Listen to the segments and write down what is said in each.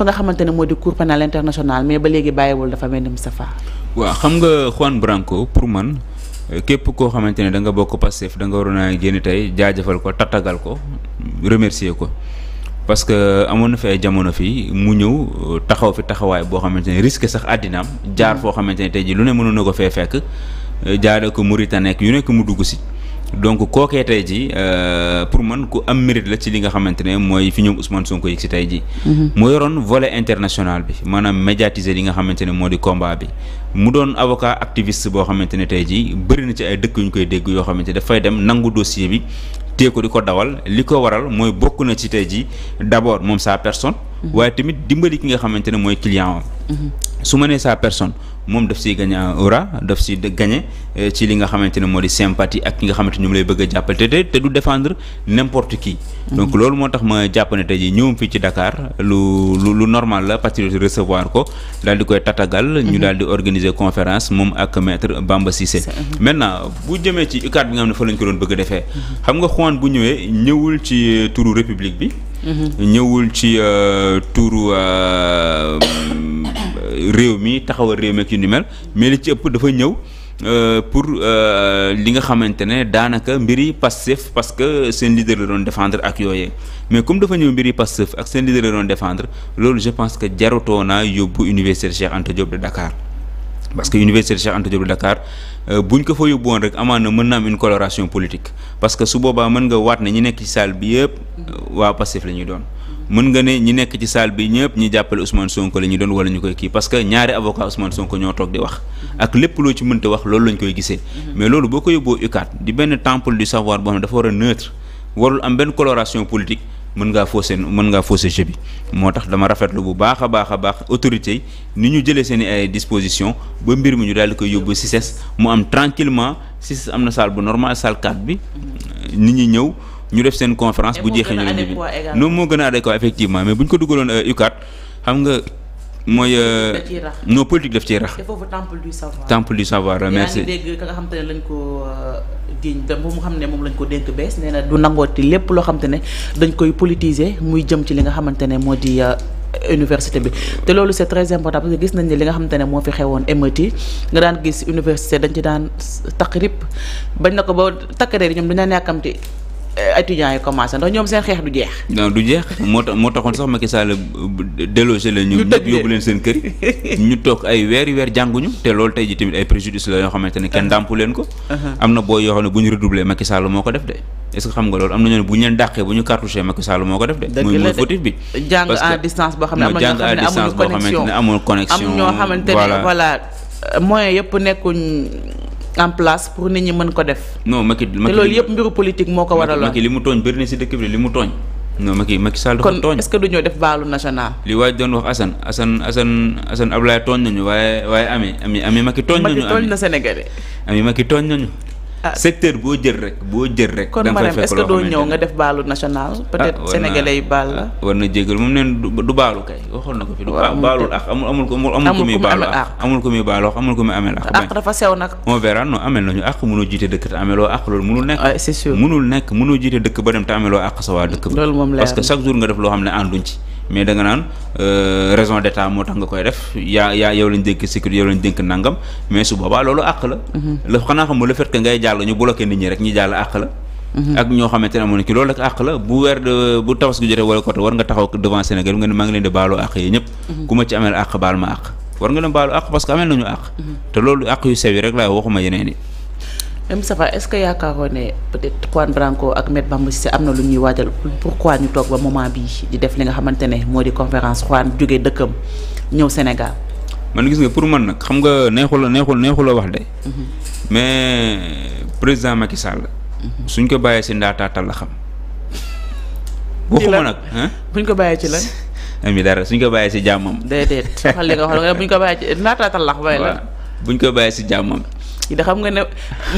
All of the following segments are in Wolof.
fa nga xamante ne moo di cour pénal international mais ba léegi bàyyiwul dafa mel ni Moustapha waaw xam nga Juan Branco pour man eh, képp koo xamante ne da nga bokk Pastef da nga waroon a génn tey jaajafal ko tattagal ko remercier ko parce que amoon na fee jamono fii mu ñëw eh, taxaw fi taxawaay boo xamante ne risque sax àddinaam jaar mm. foo xamante ne tey ji lu ne mënoon na ko fee fekk eh, jaare ko Mauritanie nekk yu nekk mu dugg si donc kookee tey jii euh, pour man ku am mérite la ci li nga xamante ne mooy fi ñoom Ousmane Sonko yëg si tey jii. Mhm. mu yoroon volet international bi maanaam médiatiser li nga xamante ne moo di combat bi mu doon avocat activiste boo xamante ne tey jii bëri na ci ay dëkk yu ñu koy dégg yoo xamante ne dafay dem nangu dossier bi téye ko di ko dawal li ko waral mooy bokk na ci tey jii d'abord moom sa personne. Mhm. waaye tamit dimbali ki nga xamante ne mooy client am. Mhm. su ma nee sa personne. moom def si gagné en ura def si gagné euh, ci li nga xamante ne moo di sympathie ak ki nga xamante ñoom lay bëgg a jàppale te du défendre n'importe qui mm-hmm. donc loolu moo tax ma jàpp ne tey jii ñëwam fii ci Dakar lu lu lu normal la patriote recevoir ko daal koy tatagal ñu mm-hmm. daal di organiser conférence moom ak maître Bamba Cissé maintenant bu jëmee ci UCAD bi nga xam lañ ko doon bëgg defee mm-hmm. xam nga Juan bu ñëwee ñëwul ci euh, turu république bi ñëwul ci euh, turu réew mi taxawal réew mi ak yu ni mel mais li ci ëpp dafa ñëw euh, pour euh, li nga xamante ne daanaka mbiri Pastef parce que seen leader la doon défendre ak yooyee mais comme dafa ñëw mbiri Pastef ak seen leader la doon défendre loolu je pense que jarutoo naa yóbbu université Cheikh Anta Diop de Dakar parce que université Cheikh Anta Diop de Dakar euh, buñ ko fa woon rek amaan na mën na am une coloration politique parce que su boobaa mën nga waat ne ñi nekk ci salle bi yëpp waa Pastef la ñuy doon. mën nga ne ñi nekk ci salle bi ñëpp ñi jàppale Ousmane Sonko la ñu doon wala ñu koy kii parce que ñaari avocat Ousmane Sonko ñoo toog di wax ak lépp loo ci mënta wax loolu lañ koy gisee mhm. mais loolu boo ko yóbboo UCAD di benn temple du savoir boo xam ne dafa war a neutre warul am benn coloration politique mën ngaa faussé mën ngaa faussé jeu bi moo tax dama rafetlu bu baax a baax a baax autorités yi ni ñu jëlee seen i ay disposition ba mbir mi ñu daal di koy yóbbu CICES mu am tranquillement CICES am na salle bu normal salle bi mhm. nit ñi ñëw ñu def seen conférence bu jeexee ñu leen ñibbi noonu moo gën a adéquat effectivement mais bu ñu ko dugaloon UCAD euh, xam nga mooy. Euh, non politique daf ciy rax. temple du savoir. temple du savoir merci. nga xam ne lañ ko euh, génn ba mu xam ne moom lañ ko dénk bees nee na du nangooti lépp loo xam ne dañ koy politiser muy jëm ci li nga xamante ne moo di. université bi te loolu c'est très important parce que gis nañ ne li nga xamante ne moo fi xewoon émeute yi nga daan gis université dañ ci daan taq rip bañ na ko ba takk de ñoom dañu daan yàkkamti Euh, étudiants yi commencé ndax ñoom seen xeex du jeex. non moo tax moo taxoon sax Macky Sall euh, délogé la ñu. ñëpp yóbbu leen seen kër ñu toog ay weer yu weer jànguñu te loolu tey ji tamit ay préjudice la yoo xamante ne kenn ndàmpu uh-huh. leen ko. Uh-huh. am na boo yoo bu ñu redoubler Macky Sall moo ko def de. est-ce que xam nga loolu am na ñoo ne bu ñu leen dàqee bu ñu cartouché Macky Sall moo ko def de. muy muy fautif bi. jàng à distance boo xam ne ñoo xam en place pour nit ñi mën ko def. non Macky Macky te loolu yëpp mbiru politique moo ko waraloon. Macky li mu tooñ bëri na si dëkk bi li mu tooñ. non Macky Macky Sall tooñ kon est ñoo def baalu national. li waaj doon wax Assane Assane Assane Assane Ablaye tooñ nañu waaye waaye Ami Ami Ami tooñ nañu Macky tooñ tooñ nañu. Ah. secteur boo jël rek boo jël rek. da nga fay fekk est-ce que doo ñëw nga def baalu national. Ah, peut-être war ah, na jégal moom neen du baalu waxoon na ko fi. baalul ak amul amul ko amul ko muy baalu ak amul ko muy baalu ak amul ko muy amel ak. ak dafa sew nag. on verra non amel nañu ak mënoo dëkk ba dem te ameloo ak sa waa dëkk ba. parce que chaque jour nga def loo xam ne ànduñ ci mais da nga naan euh, raison d'état moo tax nga koy def yaa yaa yow lañ dénk sécurité yow lañ dénk nangam mais su boobaa loolu àq la. Mhm. la xanaa xam nga le fait ngay jàll ñu bloqué nit ñi rek ñi jàll àq la. Mhm. ak ñoo xamante ne amoon ki loolu ak àq la bu weer de bu tabaski jotee wala côté war nga taxaw devant Sénégal nga ne maa ngi leen di baaloo àq yi ñëpp. Mhm. ku ma ci ameel àq baal ma àq. war nga leen baalu àq parce que ameel nañu àq. te loolu àq yu sew yi rek laay waxuma yi Moustapha est-ce que yaakaaroon ne peut-être Juan Branco ak Maître Bamba Cissé am na lu ñuy waajal pourquoi ñu toog ba moment bii di def li nga xamante ne moo di conférence Juan jógee dëkkam ñëw Sénégal. man gis nga pour man nag xam nga neexul neexul neexul wax de. Mhm. mais président Macky Sall. Mhm. suñ ko bàyyee si ndaataatal la xam. waxuma nag buñ ko bàyyee ci lan. ami dara suñ ko bàyyee si jàmmam. déedéet waxal li nga wax buñ ko bàyyee ci ndaataatal la buñ ko bàyyee si jàmmam. yi da nga ne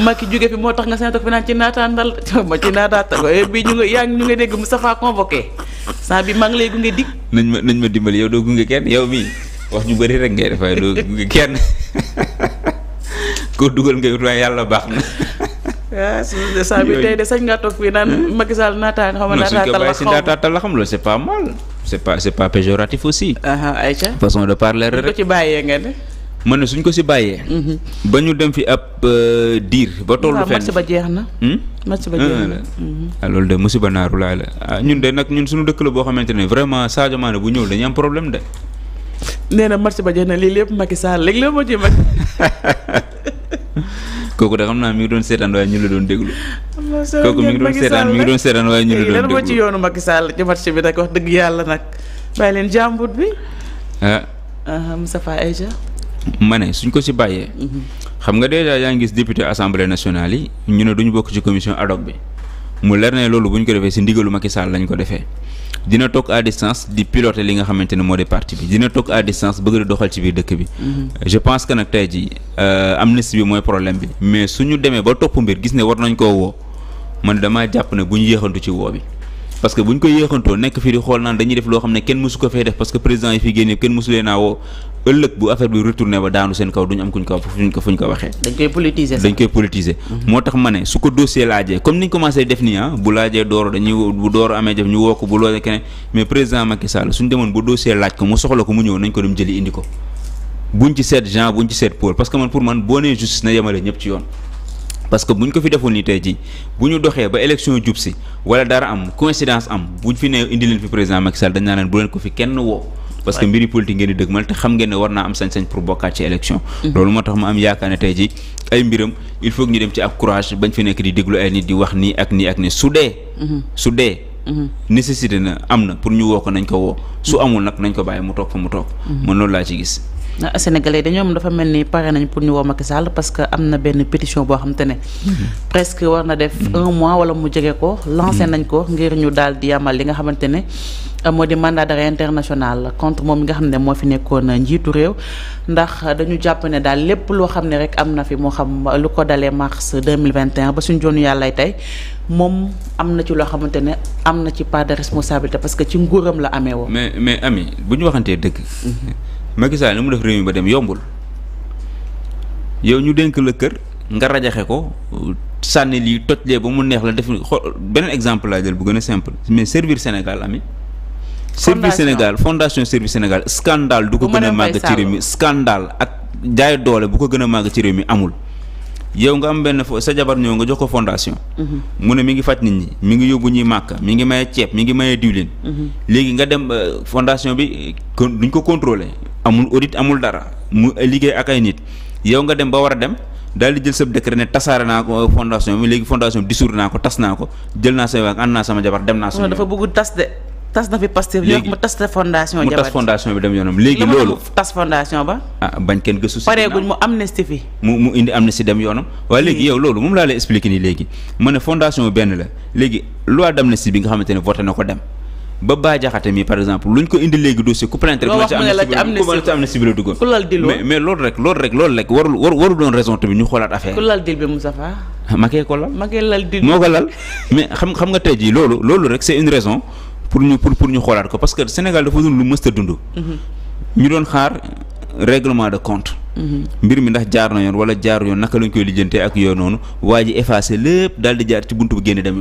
Macky jóge fi moo tax nga seen toog fi naan ci naataandal ma ci naataandal waaye dégg Moustapha convoqué saa bi maa ngi lay gunge dig. nañ ma nañ ma dimbali yow doo yow wax ñu bëri rek ngay def waaye doo dugal nga waaye yàlla baax na. waaw ah, su dee saa bi tey naan hmm? Macky Sall naataan xaw ma naataatal la xaw la xam loolu c'est pas mal c'est pas péjoratif aussi. Aïcha façon de parler rek ko ci bàyyee nga ne. man ne suñ ko si bàyyee. Mhm. ba ñu dem fi ab euh, diir ba tollu fenn waaw ba jeex na. match ba jeex na hmm? ah, mhm. ah loolu de musiba naaru laay la ah, ñun de nag ñun suñu dëkk la boo xamante ne vraiment Sadio Mané bu ñëw dañuy am problème de. nee na match ba jeex na lii lépp Macky Sall léegi la moo ci mag. da xam naa mi ngi doon seetaan waaye ñu la doon déglu. kooku mi ngi doon seetaan mi ngi doon seetaan waaye ñu la doon déglu lan moo ci yoonu Macky Sall ci match bi nag wax dëgg yàlla nag bàyyi leen jàmbur bi. ah. Moustapha ma ne suñ ko si bàyyee. Mm-hmm. xam nga déjà yaa ngi gis député assemblée nationale yi ñu ne duñu bokk ci commission ad hoc bi mu leer ne loolu bu ko defee si ndigalu Macky Sall lañ ko defee. dina toog à distance di piloter li nga xamante ne moo di parti dina toog à distance bëgg di doxal ci biir dëkk bi. Mm-hmm. je pense que na tey jii euh, amnistie bi mooy problème bi. mais suñu demee ba topp mbir gis ne war nañ koo woo man damaa jàpp ne bu yéexantu ci woo bi. parce que bu ñu ko yéexantoo nekk fii di xool naan dañuy def loo xam ëllëg bu affaire bi retourné ba daanu seen kaw duñ am kuñ ko fuñ ko fuñ ko waxee. dañ koy politiser dañ koy politiser. Mhm. moo tax ma ne su ko dossier laajee comme niñ commencé def nii ah bu laajee président Macky Sall suñ demoon bu dossier laaj ko mu soxla ko mu ñëw nañ ko dem jëli indi ko buñ ci seet Jean buñ ci seet Paul parce man pour man boo nee justice na yemale ñëpp ci yoon. parce que bu ñu ko fi defoon nii tey jii bu ñu doxee ba élection jub si wala dara am coïncidence am bu ñu fi ne indi leen fi président Macky Sall ko fi kenn woo. parce que mbiri politique ngeen di dëgmal te xam ngeen ne war naa am sañ-sañ pour bokkaat ci élection loolu moo tax ma am yaakaar ne tey ji ay mbiram il faut ñu dem ci ak courage bañ fi nekk di déglu ay nit di wax nii ak nii ak nii su dee su dee nécessité na am na pour ñu woo ko nañ ko woo su amul nag nañ ko bàyyi mu toog fa mu toog man loolu laa ci gis Ah, Sénégalais dañoo dafa mel ni pare nañ pour ñu woo ak Sall parce que am na benn pétition boo xam ne. presque war na def mm-hmm. mois wala mu jege ko. lancé nañ ko ngir ñu daal di yamal li nga xamante ne. Ah, moo di mandat d'arrêt international contre moom mi nga xam ne moo fi nekkoon njiitu réew ndax dañu jàpp ne daal lépp loo xam ne rek am na fi moo xam lu ko dalee mars deux mille vingt et ba suñu joonu yàllay tey moom am na ci loo xamante ne am na ci part de responsabilité parce que ci nguuram la amee woo mais mais Ami bu ñu waxantee dëgg. Mm-hmm. Macky Sall ni mu def réew mi ba dem yombul yow ñu dénk la kër nga rajaxe ko sànni lii toj lee ba mu neex la def xool beneen exemple laa jël bu gën a simple mais servir Sénégal ami service Sénégal fondation service Sénégal scandale du ko gën a màgg ci réew mi scandale ak jaay doole bu ko gën a màgg ci réew mi amul yow nga am benn fo sa jabar ñëw nga jox ko fondation mhm. mu ne mi ngi faj nit ñi mi ngi yóbbu ñuy màkk mi ngi maye ceeb mi ngi maye diwlin mhm. léegi nga dem euh, fondation bi duñ ko contrôler amul audit amul dara mu liggéey ak ay nit yow nga dem ba war a dem daal di jël sa décret ne tasaare naa ko fondation bi léegi fondation bi dissoudre naa ko tas naa ko jël naa sama waag ànd naa sama jabar dem naa. sama dafa bëgg tas de tas na fi Pastef léegi mu tas fondation. jabar mu bi dem yoonam léegi loolu. tas fondation ba. Ah, bañ kenn gësu si. pareeguñ mu amnistie fi. mu mu indi amnistie dem yoonam. waaye léegi yow loolu moom laa lay expliquer nii léegi ma ne fondation benn la léegi loi d'amnistie bi nga xamante ne voté na ko dem ba Bah Diakhaté mi par exemple luñ ko indi léegi dossier ku plainte am ku lal dil mais loolu loolu rek loolu rek warul war doon raison tamit bi Moustapha Macky ko lal ko lal mais xam nga tey jii loolu loolu rek c'est une raison pour ñu pour pour ñu xoolaat ko parce que Sénégal dafa dund lu mësta dund mhm. ñu doon xaar règlement de compte mhm. mbir mi ndax jaar na yoon wala jaar yoon naka lañ koy lijjantee ak yooyu noonu waa ji effacé lépp daal jaar ci buntu bu génne dem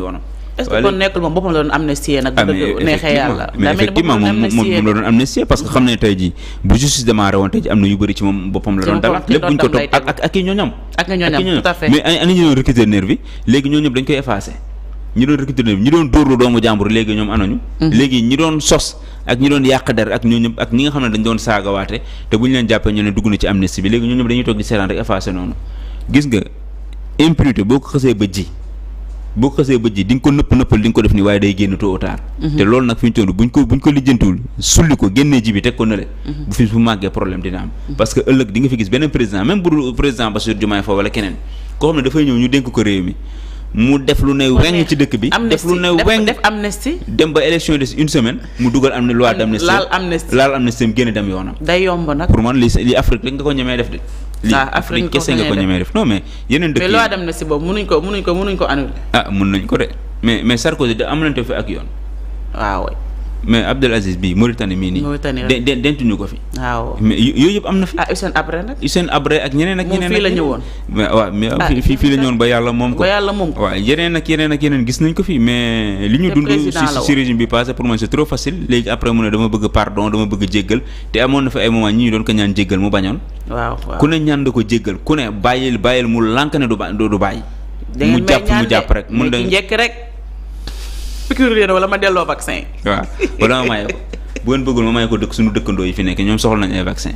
est-ce que kon nekkul moom ah, mais effectivement moom doon amnistie parce que xam ne tey ji bu justice démarré woon tey ji am na yu bëri ci moom boppam la doon dal lépp buñ ko topp ak koy effacer ñi doon recruter nervi ñi doon dóorlu doomu jàmbur léegi ñoom anañu mhm. léegi ñi doon sos ak ñi doon yàq der ak ñi nga xam ne dañ doon saagawaate te bu ñu leen jàppee ñu ne dugg na ci amnistie bi léegi ñooñu dañuy toog di seetaan rek effacé noonu gis nga impunité boo ko xësee ba ji boo ko xasee ba ji di ko nëpp nëppal di nga ko def ni waaye day génn tôt ou tard mhm. te loolu nag fi ñu toll buñ ko buñ ko lijjantuwul sulli ko génnee ji bi teg ko nële mhm. bu fi bu màggee problème dina am mhm. parce que ëllëg di nga fi gis beneen président même bu président Bassirou Diomaye Faye wala keneen koo xam ne dafay ñëw ñu dénk ko réew mi mu def lu ne weng ci dëkk bi def lu ne weng def amnistie dem ba élection des une semaine mu dugal am na loi d'amnistie laal amnistie laal amnistie mu génn dem yoonam day yomb nag pour man li ko ñemee def de lii Afrique kese nga ko ñemee def non mais yeneen dëkk yi mais loi d'amnistie boobu mënuñ ko mënuñ ko mënuñ ko annulé ah mën nañ ko de mais mais Sarkozy da amulante fi ak yoon waaw ah, mais Abdel Aziz bii Mauritanie mii nii. Mauritanie de de dentuñu ko fi. waaw mais yooyu yëpp am na fi. ah Hissène Habré nag. Hissène Habré ak ñeneen ak. ñeneen ak fii la ñëwoon. waaw mais ah, fii fii la ñëwoon ba yàlla moom ko. ba yàlla moom ko waaw yeneen ak yeneen ak yeneen gis nañ ko fi mais. li ñu dund si si régime bi passé pour moi c'est trop facile léegi après mu ne dama bëgg pardon dama bëgg jéggal te amoon na fa ay moment ñi ñu doon ko ñaan jéggal mu bañoon. ku ne ñaan da ko jéggal ku ne bàyyil bàyyil mu lànk ne du bàyyi mu jàpp mu jàpp rek rek piqûre leen wala ma delloo vaccin yi. waaw ba dama maye ko bu ngeen bëggul ma maye ko dëkk suñu dëkkandoo yi fi nekk ñoom soxla nañ ay vaccin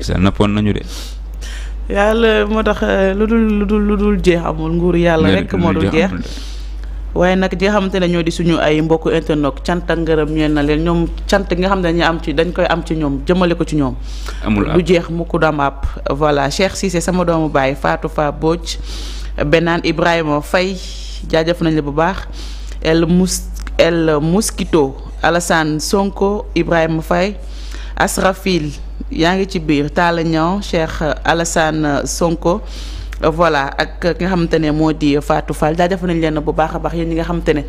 sa nappoon nañu de. yàlla moo tax euh, lu dul lu dul lu dul jeex amul nguur yàlla rek moo dul jeex waaye nag ji nga xamante ne ñoo di suñu ay mbokku internet cant ak ngërëm na leen ñoom cant gi nga xam ne dañuy am ci dañ koy am ci ñoom jëmale ko ci ñoom. amul jeex mukk dam voilà Cheikh Cissé sama doomu baay faatu Fa Bocc Benaan Ibrahima Faye jaajëf nañ la bu baax El Mous El Mosquito Alassane Sonko Ibrahima fay Asrafil yaa ngi ci biir Talla Niang Cheikh Alassane Sonko voilà ak ki nga xamante ne moo di faatu Fall jaajëf nañ leen bu baax a baax yéen ñi nga xamante ne.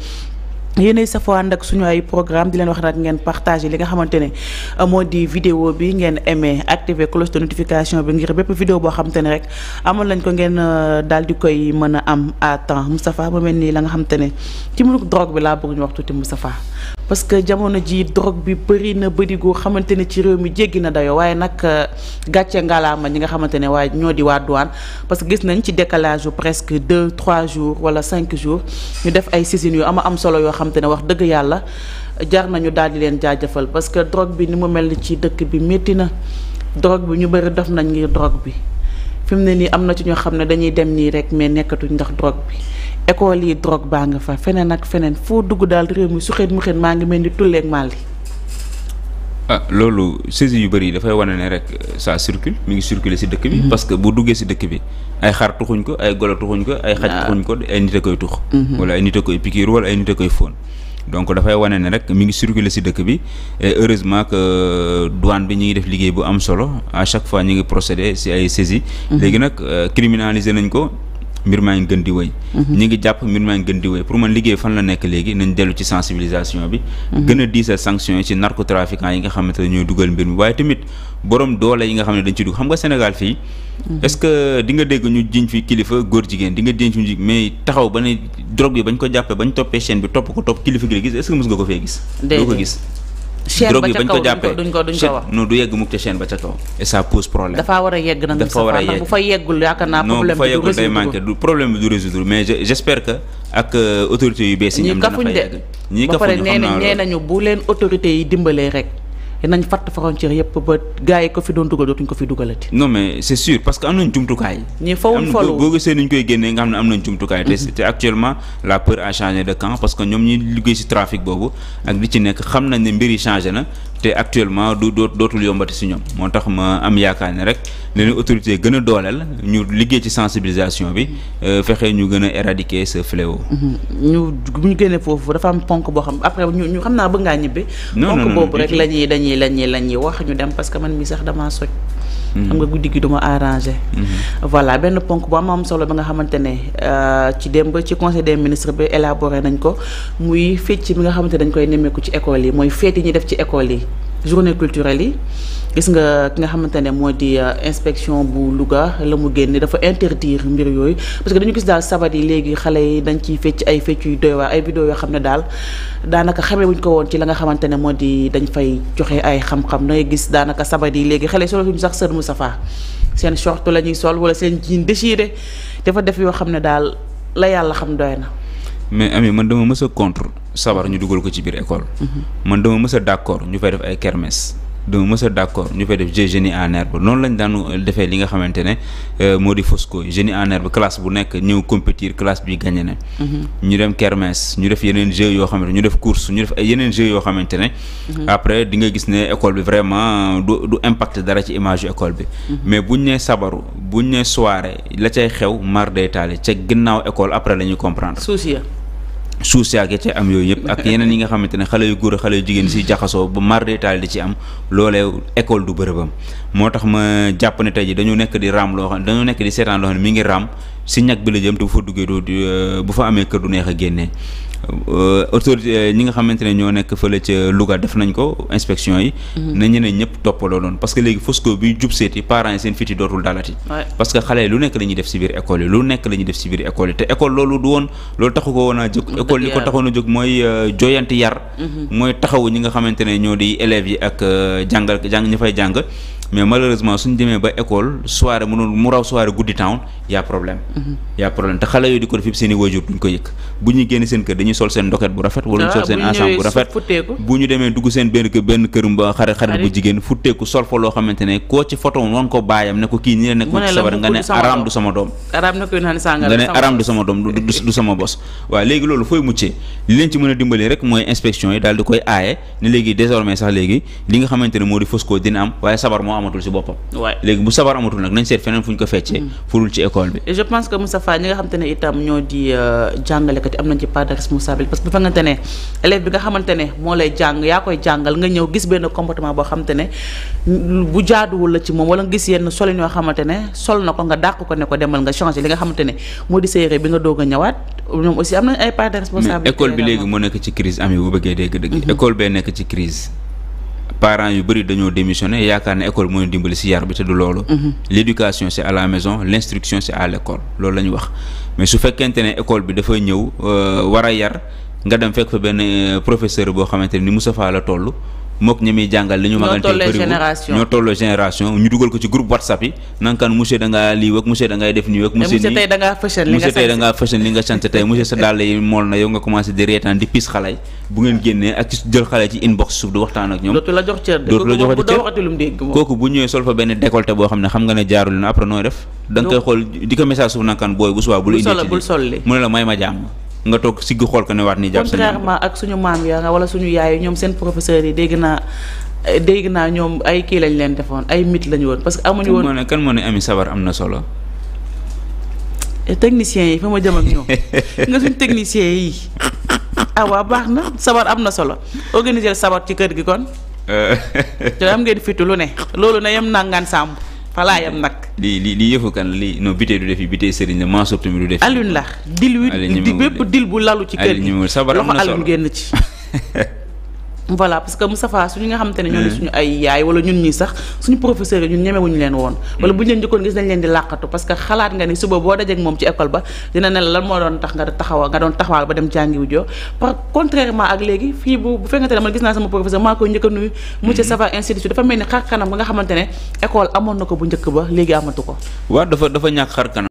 yéenay safoo ànd ak suñu ay programme di leen wax nag ngeen partagé li nga xamante ne euh, moo di vidéo bi ngeen aimé activé cloche de notification bi ngir bépp vidéo boo xamante ne rek amal lañ ko ngeen euh, daal di koy mën a am à temps Moustapha mu mel nii la nga xamante ne ci mbirum drogue bi laa bëgg ñu wax tuuti Moustapha parce que jamono ji drogue bi bëri na bëri goo xamante ne ci réew mi jéggi na dayoo waaye nag euh, gàcce ngalaama ñi nga xamante ne waaye ñoo di waa douane parce que gis nañ ci décalage yu presque deux trois jours wala cinq jours ñu def ay saisines yu ama am solo yoo xamante ne wax dëgg yàlla jar nañu daal di leen jaajëfal parce que drogue bi ni mu mel na ci dëkk bi métti na drogue bi ñu bëri def nañ ngir drogue bi fi ne nii am na ci ñoo xam ne dañuy dem nii rek mais nekkatuñ ndax drogue bi école yi drogue baa nga fa feneen ak feneen foo dugg daal réew mi su xet mu xet maa ngi mel ni tulleeg maal yi ah loolu saisi yu bari dafay wane ne rek sa euh, circule mu ngi circuler si dëkk bi mhm. parce que bu duggee si dëkk bi ay xar tuxuñ ko ay golo tuxuñ ko ay xaj ah. tuxuñ ko ay nit a koy tux mhm. wala ay nit a koy pikiir wala ay nit a koy fóon donc dafay wane ne rek mi ngi circuler si dëkk bi et heureusement que euh, douane bi ñu ngi def liggéey bu am solo à chaque fois ñu ngi procéder si ay saisies. Mhm. léegi nag euh, criminaliser nañ ko. mbir maa ngi gën di wéy mhm. ñi ngi jàpp mbir maa ngi gën di wéy pour man liggéey fan la nekk léegi nañ dellu ci sensibilisation bi mhm. gën a diisal sanction yi ci narcotrafiquant yi nga xamante ne ñooy dugal mbir mi waaye tamit borom doole yi nga xam ne dañ ci dugg xam nga Sénégal fii mhm. est-ce que di dégg ñu jiñ fi kilifa góor jigéen di nga jiñ fi mais taxaw ba ne drogue bi bañ ko jàppee bañ toppee chaîne bi topp ko topp kilifa gi la gis est-ce que nga gis doo gis drogue yi bañ ko jàppee duñ ko duñ wax non du yegg mukk ca chaîne ba ca kaw et ça pose problème dafa war a yegg na dafa war a yegg bu fa yeggul yaakaar naa problème bi du résoudre du problème bi du résoudre mais que ak euh, autorités yu bees yi ñoom na fa yegg ñii kafuñ de ñii kafuñ xam naa loolu nee nañu bu leen autorités yi dimbalee rek nañ fàtt frontière yëpp ba gars yi ko fi doon dugal dootuñ ko fi dugalati. non mais c' est parce que am nañ jumtukaay. ñi fawul folu boo gisee ni ñu koy génnee nga xam ne am nañ jumtukaay. Mhm. te actuellement la peur a changé de camp parce que ñoom ñi liggéey si trafic boobu ak li ci nekk xam nañ ne mbir yi na. te actuellement du dootul yombati si ñoom moo tax ma am yaakaar ne rek leen autorité gën a dooleel ñu liggéey ci sensibilisation bi euh, fexe ñu gën a éradiquer ce fléau. Mm-hmm. ñu bu ñu génnee foofu dafa am ponk boo xam après ñu ñu xam naa ba ngaa ñibbi. non ponk boobu rek la ñuy dañuy la ñuy la ñuy wax ñu dem parce que man mi sax damaa soj. xam nga guddi gi du ma arrangé. Mhm. voilà benn ponk bu am am solo bi nga xamante ne euh, ci démb ci conseil des ministres bi élaboré nañ ko muy fecc bi nga xamante dañ koy nemmeeku ci école yi mooy feet yi ñuy def ci école yi. journée culturelle yi gis nga ki nga xamante ne moo di euh, inspection bu Louga la mu génne dafa interdire mbir yooyu parce que dañu gis daal sabar yi léegi xale yi dañ ciy fecc ay fecc yu doy ay vidéo yoo xam ne daal daanaka xamee ko woon ci la nga xamante ne moo di dañ fay joxe ay xam-xam gis daanaka sabar yi léegi xale yi solo suñu sax sër mu safaa seen short la ñuy sol wala seen jiin déchiré dafa def yoo xam ne daal la yàlla xam doy na mais ami man dama mës a contre sabar ñu dugal ko ci biir école. Mhm. man dama mës a ñu fay def ay kermesse. dama mës a accord ñu fay def jeu génie en herbe noonu lañ daan euh, defee li nga xamante ne euh, moo di Fosco génie en herbe classe bu nekk ñëw compétir classe bi gagné ne mhm. ñu dem kermesse ñu def yeneen jeu yoo xamante ne ñu def course ñu def ay yeneen jeu yoo xamante ne. Mhm. après di nga gis ne école bi vraiment du du impact dara ci image yu école bi. mais buñ nee sabaru bu ñu ne soirée la cay xew mar day taali ca ginnaaw école après la ñuy comprendre. souci suus ak ya ca am yooyu yëpp ak yeneen yi nga xamante ne xale yu góor xale yu jigéen si jaxasoo ba mar détail di ci am loole école du bërëbam moo tax ma jàpp ne tey ji dañu nekk di raam loo xam dañu nekk di seetaan loo xam ne mi ngi raam si ñag bi la jëm te bu fa duggee du euh, bu fa amee kër du neex a génnee Euh, autorité ñi nga xamante ne ñoo nekk fële ca Louga def nañ ko inspection yi. nañu mhm. ne ñëpp toppaloo doon parce que léegi Fosco bi jub seeti parents yi seen fiti dootul dalati. parce que xale yi lu nekk la ñuy def si biir école yi lu nekk la def si biir école yi te école loolu du woon loolu taxu ko woon a jóg. école li ko taxoon a jóg mooy euh, joyanti yar. Mhm. mooy taxawu ñi nga xamante ne ñoo di élèves yi ak euh, jàngal jàng ñu fay jàng. mais malheureusement suñ demee ba école soirée mu mu raw soirée guddi town y' a problème. Mhm. y' a problème te xale yooyu di ko def seen i waajur duñ ko yëg bu ñuy génn seen ñu sol ah, seen bu ñu demee dugg seen benn kër benn kër ba bu jigéen futteeku sol fa loo koo ci photo woon ko baayam ne ko kii nii la nekkoon ci sabar nga ne araam du sama doom. araam na ko naan nga ne araam du sama doom du sama bos. waaw léegi loolu fooy muccee li leen ci mën a di moo amatul si boppam. waay léegi bu sabar amatul nag nañ seet feneen fu ñu ko feccee. Mm. furul ci école bi. je pense que Moustapha ñi nga xamante ne itam ñoo di euh, jàngalekat yi am nañ ci part nga xamante ne moo lay jàng yaa benn comportement boo xamante ne bu jaaduwul la ci moom wala nga gis yenn sol ñoo xamante ne sol na ko nga dàq ko ne ko demal nga changé li nga xamante moo di séeréer bi nga doog a ñëwaat ñoom aussi am nañ ay part de responsabilité. bi léegi moo nekk ci crise ami bu bëggee dégg parents yu bëri dañoo démissionné yaakaar ne école mooy dimbali ci yar bi te du loolu. Mhm. l'éducation c'est à la maison l'instruction c'est à l'école loolu la ñu wax mais su fekkente ne école bi dafay ñëw euh, war a yar nga dem fekk fa benn euh, professeur boo xamante ni Moustapha la toll. mook ñi muy jàngal li ñu maganteel bëriwul ñoo tolloo génération ñu dugal ko ci groupe whatsapp yi nankan monsieur da ngaa lii wëg monsieur ngay def nii wëg monsieur nii tey li nga sant tey monsieur sa dàll yi mool na yow nga commencé di reetaan di pis xale bu ngeen génnee ak ci jël xale ci inbox suuf di waxtaan ak ñoom dootu la jox cër kooku bu ñëwee sol fa benn décolleté boo xam ne xam nga ne jaarul na après nooy def da nga koy xool di ko message suuf nankan booy ma jàmm nga toog sigg xool ko ne waat ni jàpp contrairement ak suñu maam ya nga wala suñu yaay ñoom seen professeurs yi dégg naa dégg naa ñoom ay kii lañ leen defoon ay mythe lañu woon parce que amuñu woon kan moo ne kan moo ne ami sabar am na solo techniciens yi fa ma jëm ak ñoom nga suñ techniciens yi ah waaw baax na sabar am na solo organiser sabar ci kër gi kon euh. te am ngeen fitu lu ne loolu na yem nangaan sàmm falaayam nag. lii lii lii yëfu kan lii non bitee du def yi bitee sëriñ la Mansour tamit du def. Alioune la dil wi di bépp dil bu lalu ci kër gi. Alioune ñëwul na solo loxo Alioune génn ci. voilà parce que Moustapha nga xamante ne ñoo ne eh. suñu ay yaay wala ñun ñi sax suñu professeurs yi ñun ñemewuñu leen woon wala bu ñu leen njëkkoon gis nañ leen di làqatu parce xalaat nga ni suba boo dajeek moom ci école ba dina ne lan moo doon tax nga doon taxawaal ba dem jàngi joo par contrairement ak léegi fii bu bu fekkente man gis naa sama professeur maa koy njëkk a nuyu monsieur mm-hmm. Sava dafa mel ni xar kanam ba nga xamante ne école amoon na